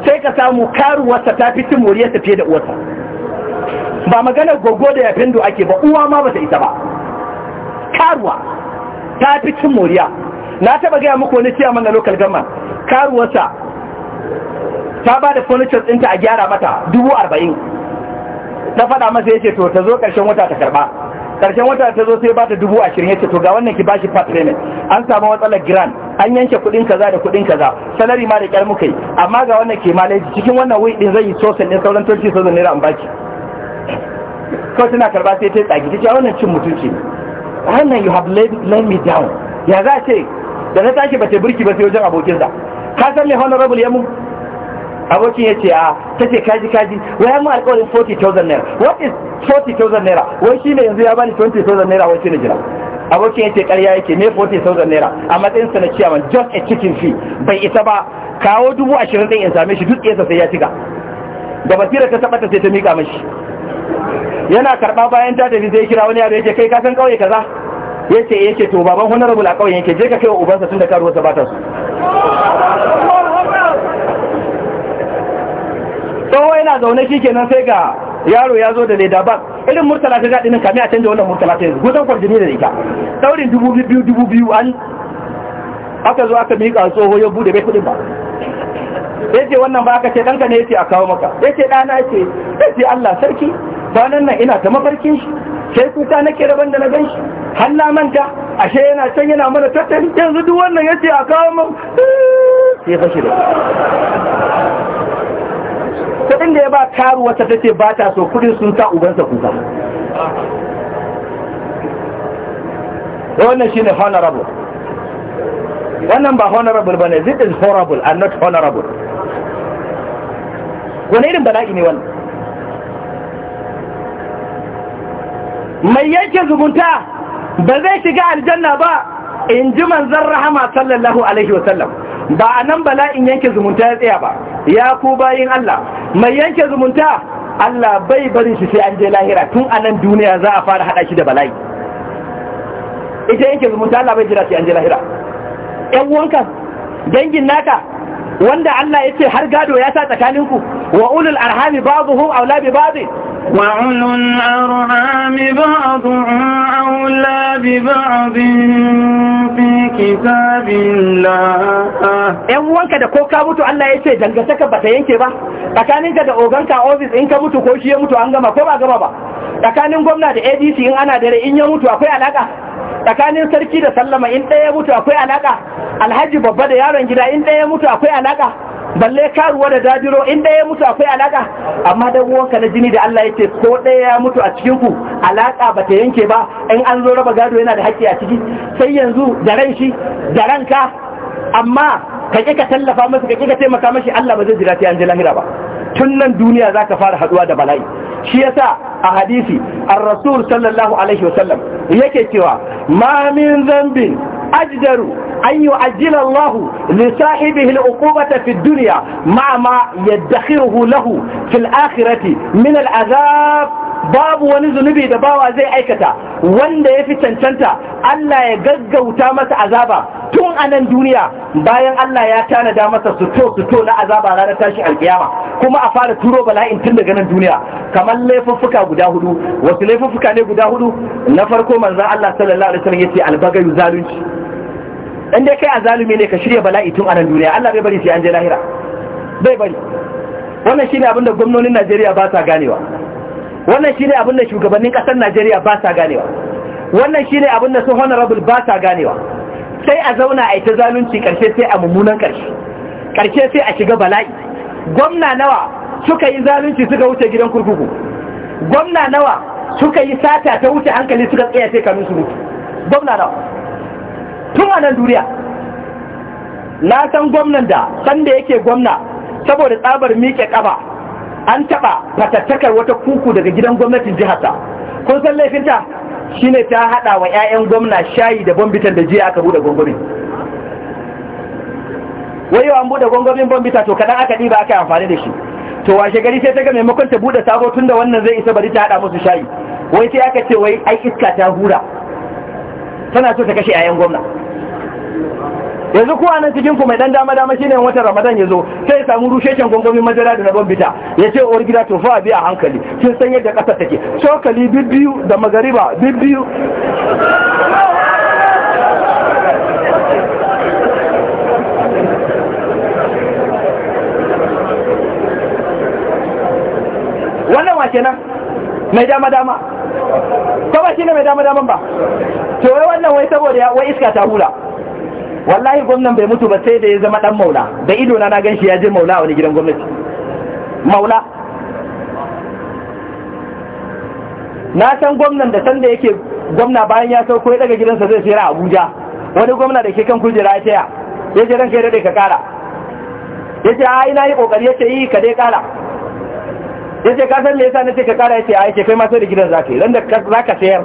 sai ka samu karuwarsa ta fi cin moriyarsa fiye da uwarsa ba maganar gogo da da ake ba uwa ma ba ta isa ba karuwa ta fi cin moriya na taba gaya muku wani ciyaman mana local gama karuwarsa ta ba da furniture ɗinta a gyara mata dubu arba'in ta faɗa masa ya ce to ta zo ƙarshen wata ta karɓa ƙarshen wata ta zo sai ba ta dubu ashirin ya ce to ga wannan ki bashi part payment an samu matsalar grand an yanke kuɗin kaza da kuɗin kaza salari ma da ƙyar muka yi amma ga wannan ke malaji cikin wannan wai ɗin zai yi sosan ɗin sauran 20,000 naira an baki kawai tana karba sai ta tsaki ta ce ah, wannan cin mutunci ne wannan you have laid me down ya za ce da na tashi ba ce burki ba sai wajen abokinsa ka san me honorable ya mu abokin ya ce a ah, ta ce kaji kaji wai ya mu alƙawarin 40,000 naira what is 40,000 naira wai shi ne yanzu ya bani 20,000 naira wai shi ne jira abokin ya ce ƙarya yake ne 40,000 naira a matsayin sa na ciyaman just a chicken fee bai isa ba kawo dubu ashirin ɗin in same shi duk ɗiyarsa sai ya cika da basira ta taɓa ta sai ta miƙa mashi yana karɓa bayan ta tafi zai kira wani yaro yake kai kasan ƙauye kaza ce yace to baban honorable a ƙauye yake je ka kai wa ubansa tun da karuwa ta bata su tsawo yana zaune shi kenan sai ga yaro ya zo da leda ba irin murtala ta gaɗinin kami a canja wannan murtala ta yanzu gudan kwarjini da rika. ɗaurin dubu biyu dubu biyu an aka zo aka miƙa tsoho ya bude bai kuɗin ba ya ce wannan ba aka ce ɗanka ne ya ce a kawo maka ya ce ɗana ce ya ce Allah sarki kwanan nan ina ta mafarkin shi sai ta nake rabon da na gan shi har manta ashe yana can yana mana tattalin yanzu duk wannan ya ce a kawo mu sai fashe da kuɗin da ya ba wata ta ce, ba ta so kuɗin sun sa ubansa kuka wannan shine honorable wannan ba honorable ne, this is horrible and not honorable wani irin bala'i ne wannan mai yake zumunta ba zai shiga aljanna ba in ji manzan rahama sallallahu alaihi wasallam ba a nan bala'in yanke zumunta ya tsaya ba ya ku bayin Allah mai yanke zumunta Allah bai barin shi sai an je lahira tun a nan duniya za a fara haɗa shi da bala'i ita yanke zumunta Allah bai jira sai an je lahira ƴan wanka dangin naka wanda Allah ya ce har gado ya sa tsakaninku wa ulul arhami ba'dhum la bi ba'd wa ulul arhami ba'dhum la bi ba'd fi kitabillah wanka da ko ka mutu Allah ya ce dangantaka ba ta yanke ba tsakaninka da oganka office in ka mutu ko shi ya mutu an gama ko ba gama ba tsakanin gwamnati da ADC in ana dare in ya mutu akwai alaka tsakanin sarki da sallama in ɗaya mutu akwai alaƙa. alhaji babba da yaron gida in ɗaya mutu akwai alaka balle karuwa da dajiro in ɗaya mutu akwai alaƙa. amma dan uwanka na jini da Allah ya ce ko ɗaya ya mutu a cikin ku alaka ba ta yanke ba in an zo raba gado yana da haƙƙi a ciki sai yanzu da ran shi da ranka amma ka ka tallafa masa ka ka taimaka mashi Allah ba zai jira sai an ji lahira ba tun nan duniya zaka fara haɗuwa da bala'i shi yasa a hadisi ar-rasul sallallahu alaihi wasallam yake cewa ma min zambin أجدر أن يؤجل الله لصاحبه العقوبة في الدنيا مع ما يدخره له في الآخرة من العذاب babu wani zunubi da bawa zai aikata wanda ya fi cancanta Allah ya gaggauta masa azaba tun a nan duniya bayan Allah ya tanada masa suto na azaba ranar tashi alkiyama kuma a fara turo bala'in tun daga nan duniya kamar laifuffuka guda hudu wasu laifuffuka ne guda hudu na farko manzan Allah sallallahu alaihi wasallam yace albagayu zalunci in dai kai azalumi ne ka shirya bala'i tun a nan duniya Allah bai bari sai an je lahira bai bari wannan shine abin da gwamnonin Najeriya ba sa ganewa wannan shine abin da shugabannin kasar Najeriya ba sa ganewa wannan shine abin da su honorable ba sa ganewa sai a zauna a yi ta zalunci karshe sai a mummunan karshe karshe sai a shiga bala'i gwamna nawa suka yi zalunci suka wuce gidan kurkuku gwamna nawa suka yi sata ta wuce hankali suka tsaya sai kanun su mutu gwamna nawa tun a nan duniya na san gwamnan da sanda yake gwamna saboda tsabar miƙe ƙaba an taɓa fatattakar wata kuku daga gidan gwamnatin jiharsa kun san laifinta shine ta haɗa wa 'ya'yan gwamna shayi da bambitan da jiya aka buɗe gwangwami wai an buɗe gwangwamin bambita to kaɗan aka ɗiba aka yi amfani da shi to washe gari sai ta ga maimakon ta buɗe sabo tun da wannan zai isa bari ta haɗa musu shayi wai sai aka ce wai ai iska ta hura tana so ta kashe 'ya'yan gwamna yanzu kowa nan cikin ku mai dan dama dama shine watan ramadan ya zo sai samun samu rusheshen gongomin madara da rabon bita ya ce uwar gida to fa biya hankali kin san yadda kasa take cokali bibbiyu da magariba bibbiyu wannan wa kenan mai dama dama kawai shine mai dama daman ba to wai wannan wai saboda wai iska ta hula wallahi gwamnan bai mutu ba sai da ya zama dan maula da ido na na ganshi ya je maula a wani gidan gwamnati maula na san gwamnan da san da yake gwamna bayan ya sauko ya daga gidansa zai sayar a Abuja wani gwamna da ke kan kujera ya ce ya je ranka ya dade ka kara ya ce a ina yi kokari ya ce yi ka dai kara sai ka kasar me yasa nace ka kara yace ai ke kai ma sai da gidan zaka yi dan da zaka sayar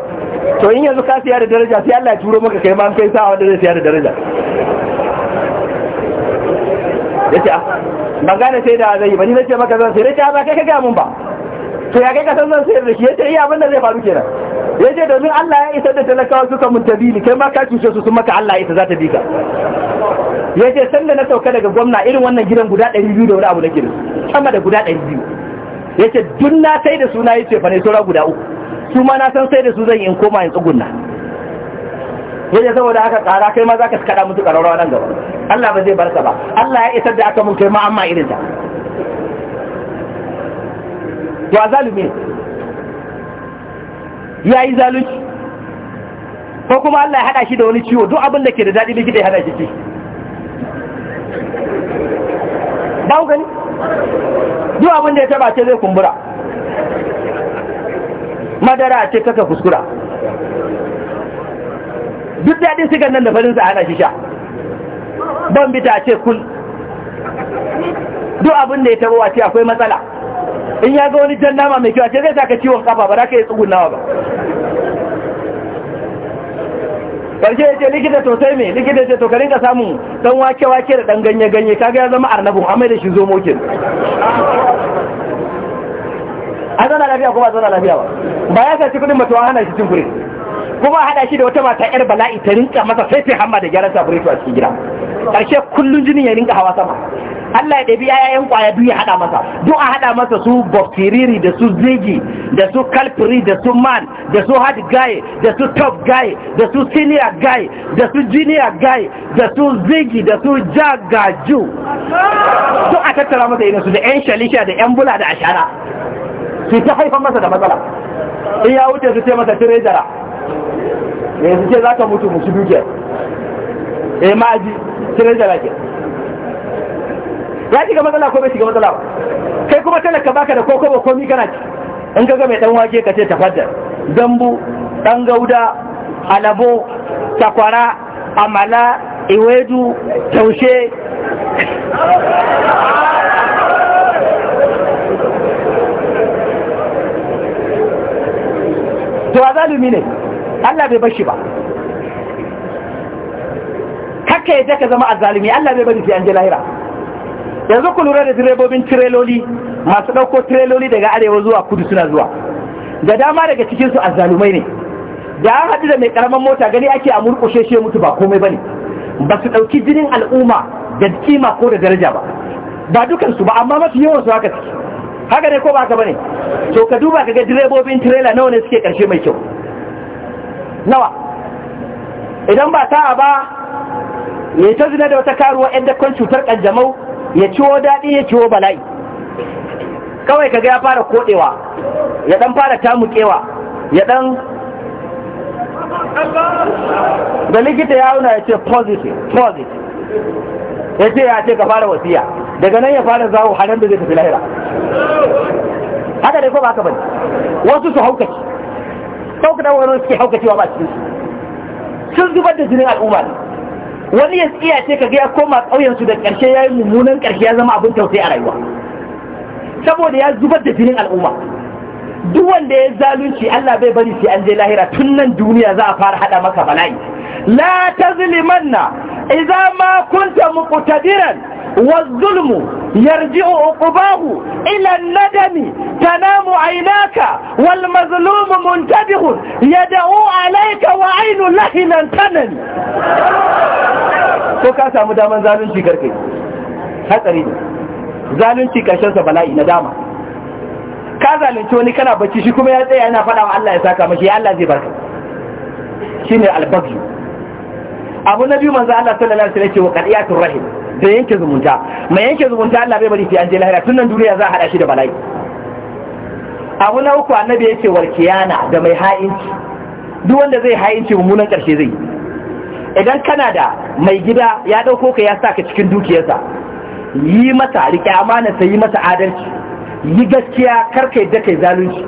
to in yanzu ka siya da daraja sai Allah ya turo maka kai ma an kai sa wanda zai siya da daraja yace ah, ban gane sai da zai ba ni nace maka zan sai yace ah, ba kai ka ga mun ba to ya kai ka san zan sayar da shi yace iya eh, abinda zai faru kenan yace domin Allah ya isa da talakawa suka mun tabili kai ma ka cuce su sun maka Allah ya isa za ta bi ka yace sanda na sauka daga gwamna irin wannan gidan guda 200 da wani abu na gidan sama da guda 200 yace duk na sai da suna yace fa ne guda uku su ma na san sai da su zan yi in koma in tsugunna yace saboda haka tsara kai ma zaka kada mutu kararrawa nan gaba Allah ba zai barka ba Allah ya isar da aka mun kai ma amma irin ta to azalumi yi zalunci ko kuma Allah ya hada shi da wani ciwo duk abin da ke da dadi likita ya hada shi ba ku gani duk abin da ya taba ce zai kumbura madara ce kaka kuskura duk daɗin sigan nan da farin sa hana shi sha ban ta ce kul duk abin da ya taba wace akwai matsala in ya ga wani jan nama mai kyau ce zai saka ciwon kafa ba za ka yi tsugunawa ba karshe ya ce likita to sai me likita ce to ka samu samun dan wake wake da ɗan ganye ganye kaga ya zama arnabun amai da shi zo mokin a zana lafiya kuma a zana lafiya ba ba ya sace kudin matuwa hana shi cin kure kuma hada shi da wata mata yar bala'i ta rinka masa sai hamma da gyaran saburai a cikin gida karshe kullum jinin ya rinka hawa sama Allah ya ɗabi yayayen kwaya biyu ya haɗa masa duk a haɗa masa su bakteriri da su zigi da su kalfiri da su man da su hard guy da su top guy da su senior guy da su junior guy da su zigi da su jagaju duk a tattara masa su da 'yan shalisha da 'yan bula da ashara su ta haifa masa da matsala in ya wuce su ce masa tirejara yanzu eh, ce za ka mutu musu dukiyar eh ma'aji tirejara ke ya shiga matsala ko bai shiga matsala kai kuma talaka baka da koko ba mi kana ci in ka ga mai dan wake ka ce tafaddar dambu dan gauda alabo takwara amala iwedu taushe to azalumi ne Allah bai bashi ba kaka yadda ka zama azalumi Allah bai bari sai an je lahira yanzu ku lura da direbobin tireloli masu ɗauko tireloli daga arewa zuwa kudu suna zuwa da dama daga cikinsu azzalumai ne da an haɗu da mai ƙaramin mota gani ake a murƙushe shi mutu ba komai ba ne ba su ɗauki jinin al'umma da kima ko da daraja ba ba dukansu ba amma mafi yawansu haka ciki haka ne ko ba haka ba ne to ka duba ka ga direbobin tirela nawa ne suke ƙarshe mai kyau nawa idan ba ta'a ba ya ta zina da wata karuwa yan dakon cutar ƙanjamau ya ciwo daɗi ya ciwo bala'i kawai kaga ya fara koɗewa ya ɗan fara tamukewa ya ɗan da likita ya auna ya ce positive positive ya ce ya ce ka fara wasiya daga nan ya fara zawo hannun da zai tafi lahira haka dai ko ba haka bane wasu su haukaci haukaci wani suke haukaci wa ba cikin su sun zubar da jinin al'umma ne wani ya tsiya ce ga ya koma ƙauyen su da ƙarshe yi mummunan ƙarshe ya zama abin tausayi a rayuwa saboda ya zubar da jinin al'umma duk wanda ya zalunci Allah bai bari sai an je lahira tun nan duniya za a fara hada maka bala'i la tazlimanna idza ma kunta muqtadiran والظلم يرجع عقباه إلى الندم تنام عيناك والمظلوم منتبه يدعو عليك وعين لهنا تنم ko ka samu daman zalunci karke hatsari ne zalunci karshensa bala'i na ka zalunci wani kana bacci shi kuma ya tsaya yana faɗa wa Allah ya saka mashi ya Allah zai barka shine albaghi abu na biyu manzo Allah sallallahu alaihi wasallam ya ce wa qadiyatu rahim da yanke zumunta mai yanke zumunta Allah bai bari sai an je lahira tun nan duniya za a hada shi da bala'i abu na uku annabi yake warkiyana da mai ha'inci duk wanda zai ha'inci mummunan karshe zai idan kana da mai gida ya dauko ka ya sa ka cikin dukiyarsa yi masa rike amana sai yi masa adalci yi gaskiya kar kai da kai zalunci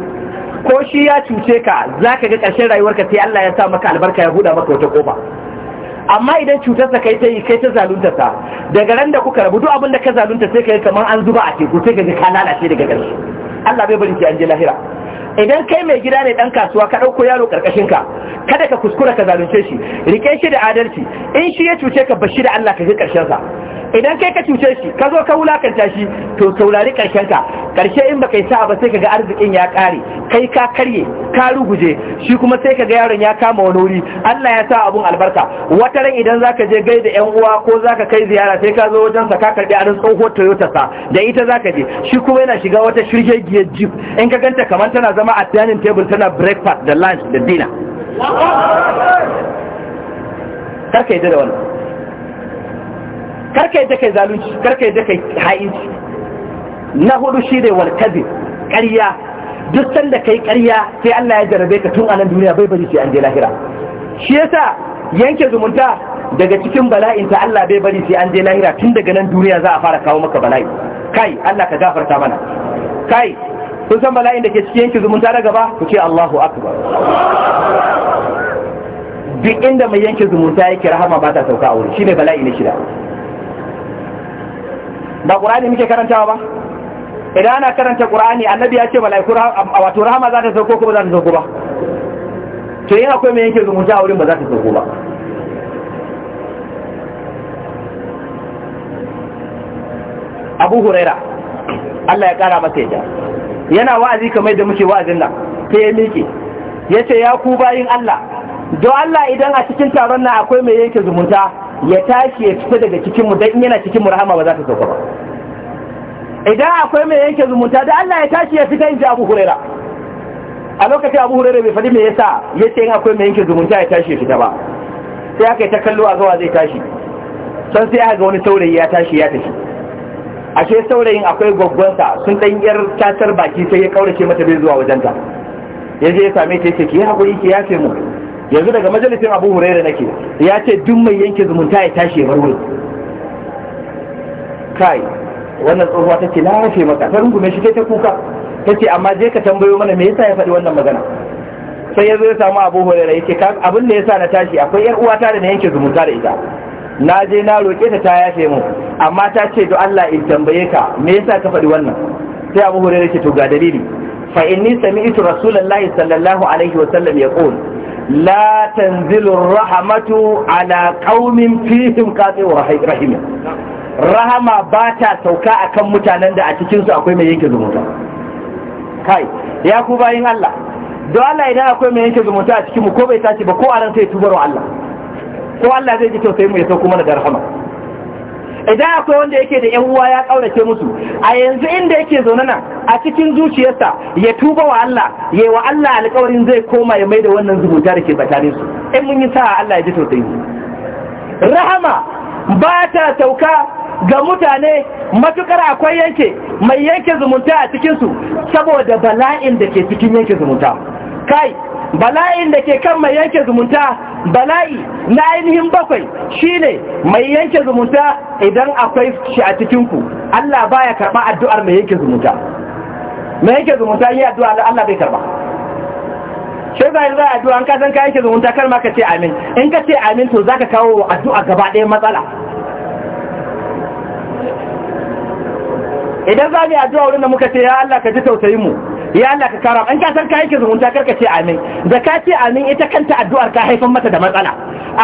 ko shi ya cuce ka zaka ga ƙarshen rayuwarka sai Allah ya sa maka albarka ya buɗe maka wata kofa amma idan cutarsa kai ta yi kai ta zalunta ta daga ran da kuka rabu duk abin da ka zalunta sai kai kamar an zuba a teku sai kaji ka lalace daga ƙarshe Allah bai bari ki an je lahira idan kai mai gida ne dan kasuwa ka ɗauko yaro karkashin ka kada ka kuskura ka zalunce shi rike shi da adalci in shi ya cuce ka bashi da Allah ka ji ƙarshen sa idan kai ka cuce shi ka zo ka wulakanta shi to saurari karshen ka karshe in baka yi sa'a ba sai kaga arzikin ya kare kai ka karye ka ruguje shi kuma sai kaga yaron ya kama wani wuri Allah ya sa abun albarka wata ran idan zaka je gaida yan uwa ko zaka kai ziyara sai ka zo wajen sa ka karbi arin tsohuwar Toyota sa da ita zaka je shi kuma yana shiga wata shirgegiyar jeep in ka ganta kamar tana zama a dining table tana breakfast da lunch da dinner karka yadda da wannan karka yadda kai zalunci karka yadda kai ha'inci na hudu shi ne walkazi ƙarya duk sanda kai ƙarya sai Allah ya jarabe ka tun a nan duniya bai bari sai an je lahira shi yasa yanke zumunta daga cikin bala'in ta Allah bai bari sai an je lahira tun daga nan duniya za a fara kawo maka bala'i kai Allah ka gafarta mana kai kun san bala'in da ke cikin yanke zumunta daga gaba ku ce Allahu akbar duk inda mai yanke zumunta yake rahama ba ta sauka a wuri shine bala'i shi shida ba ƙurani muke karantawa ba idan ana karanta ƙura'ani, annabi ya ce malaiku wato rahama za ta sauko ko ba za ta sauko ba to yin akwai mai yanke zumunta a wurin ba za ta sauko ba abu huraira Allah ya kara masa yaja yana wa'azi kamar da muke wa'azin nan ta ya miƙe ya ce ya ku bayin Allah don Allah idan a cikin taron nan akwai mai yanke zumunta ya tashi ya fita daga cikinmu don yana cikin rahama ba za ta sauka ba idan akwai mai yanke zumunta da Allah ya tashi ya fita inji Abu hurera a lokacin Abu hurera bai faɗi sa ya ce yin akwai mai yanke zumunta ya tashi ya fita ba sai aka yi ta kallo a gawa zai tashi son sai aka ga wani saurayi ya tashi ya tafi ashe saurayin akwai gwaggwansa sun ɗan yar tatar baki sai ya kaurace mata bai zuwa wajenta ya je ya same ta yace ki haƙuri ki yafe mu yanzu daga majalisin Abu Huraira nake ya ce duk mai yanke zumunta ya tashi ya bar wuri kai wannan tsohuwa ta ce na rufe maka ta rungume shi ta kuka ta ce amma je ka tambayo mana me yasa ya faɗi wannan magana sai ya zo ya samu abu hore ya ce abin da ya sa na tashi akwai yar uwata da na yanke zumunta da ita na je na roƙe ta ta yafe mu amma ta ce to Allah in tambaye ka me yasa ka faɗi wannan sai abu hurera ce to ga dalili fa inni sami'tu rasulullahi sallallahu alaihi wa sallam yaqul la tanzilu rahmatu ala qaumin fihim qati'u rahim rahama ba ta sauka a kan mutanen da a cikinsu akwai mai yanke zumunta kai ya ku bayin Allah don Allah idan akwai mai yanke zumunta a cikinmu ko bai tashi ba ko a ran sai tubarwa Allah ko Allah zai ji sai mu ya sauko mana da rahama idan akwai wanda yake da yan uwa ya kaurace musu a yanzu inda yake zaune nan a cikin zuciyarsa ya tuba wa Allah yayi wa Allah alƙawarin zai koma ya maida wannan zumunta da ke tsakanin su in mun yi sa'a Allah ya ji tausayin rahama ba ta sauka ga mutane matukar akwai yanke mai yanke zumunta a cikinsu saboda bala'in da ke cikin yanke zumunta kai bala'in da ke kan mai yanke zumunta bala'i na ainihin bakwai shine mai yanke zumunta idan akwai shi a cikinku Allah baya karba addu'ar mai yanke zumunta mai yanke zumunta yi addu'a Allah bai karba sai ba yanzu addu'a an kasan ka yanke zumunta kar ma ka ce amin in ka ce amin to zaka kawo addu'a gaba ɗaya matsala idan za mu yi addu'a wurin da muka ce ya Allah ka ji tausayin mu ya Allah ka kara an ka san ka yake karka ce amin da ka ce amin ita kanta addu'ar ka haifan mata da matsala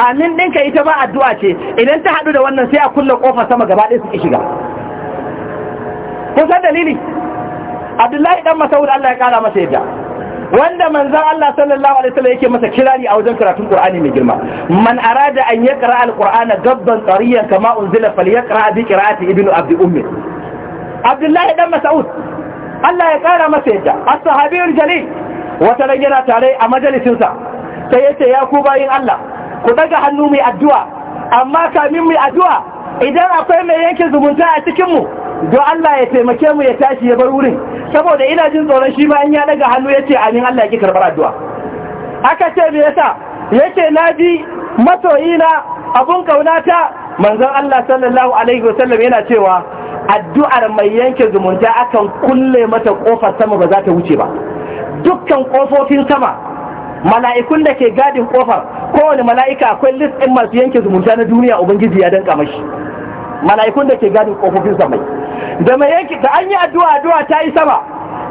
amin ɗinka ita ba addu'a ce idan ta haɗu da wannan sai a kulle ƙofa sama gaba ɗaya suke shiga kun san dalili abdullahi dan masaud Allah ya kara masa yadda wanda manzan Allah sallallahu alaihi wasallam yake masa kirari a wajen karatun Qur'ani mai girma man arada an yaqra al-Qur'ana gabban tariyan kama unzila falyaqra bi qira'ati ibn abd ummi abdullahi dan mas'ud Allah ya kara masa yadda as-sahabiyul jalil wata ran yana tare a majalisinsa sai yace ya ku bayin Allah ku daga hannu mai addu'a amma kamin mai addu'a idan akwai mai yanke zumunta a cikin mu don Allah ya taimake mu ya tashi ya bar wurin saboda ina jin tsoron shi ma in ya daga hannu yace amin Allah ya ki karbar addu'a aka ce me yasa yace naji masoyina abun kaunata manzon Allah sallallahu alaihi wasallam yana cewa addu'ar mai yanke zumunta akan kulle mata kofar sama ba za ta wuce ba dukkan kofofin sama mala'ikun da ke gadin kofar kowane mala'ika akwai listin ɗin masu yanke zumunta na duniya ubangiji ya danka mashi mala'ikun da ke gadin kofofin sama da mai yanke da an yi addu'a addu'a ta yi sama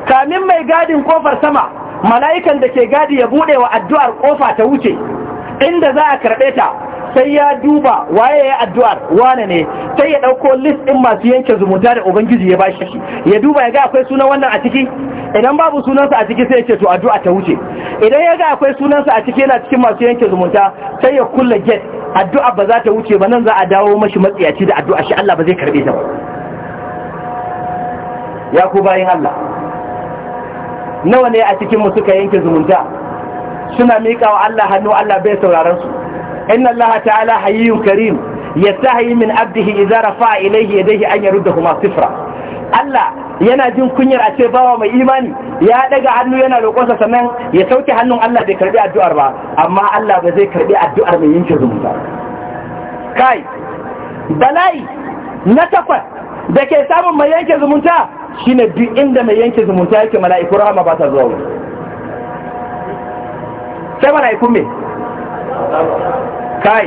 kamin mai gadin kofar sama mala'ikan da ke gadi ya buɗe wa addu'ar kofa ta wuce inda za a karɓe ta sai ya duba waye ya addu'ar wane ne sai ya dauko list din masu yanke zumunta da ubangiji ya bashi shi. ya duba ya ga akwai sunan wannan a ciki idan babu sunansa a ciki sai ya ce to addu'a ta wuce idan ya ga akwai sunansa a ciki yana cikin masu yanke zumunta sai ya kulle gate addu'a ba za ta wuce ba nan za a dawo mashi matsiyaci da addu'a shi Allah ba zai karbe ta ba ya ku bayin Allah nawa ne a cikin mu suka yanke zumunta suna miƙa wa Allah hannu Allah bai sauraron su inna Allah ta'ala hayyun karim yastahi min abdihi idza rafa'a ilayhi yadayhi an yaruddahuma sifra Allah yana jin kunyar a ce bawa mai imani ya daga hannu yana roƙonsa sannan ya sauke hannun Allah bai karbi addu'ar ba amma Allah ba zai karbi addu'ar mai yanke zumunta kai bala'i na takwas da ke samun mai yanke zumunta shine duk inda mai yanke zumunta yake mala'iku rahama ba ta zuwa wuri sai mala'ikun me kai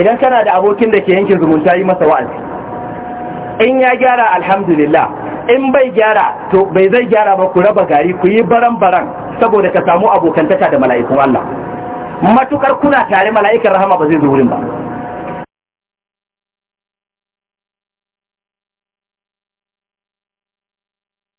idan kana da abokin da ke yankin zumunta yi masa wa'azi in ya gyara alhamdulillah in bai gyara to bai zai gyara ba ku raba gari ku yi baran-baran saboda ka samu abokantaka da mala'ikun Allah matukar kuna tare mala'ikan rahama ba zai zo wurin ba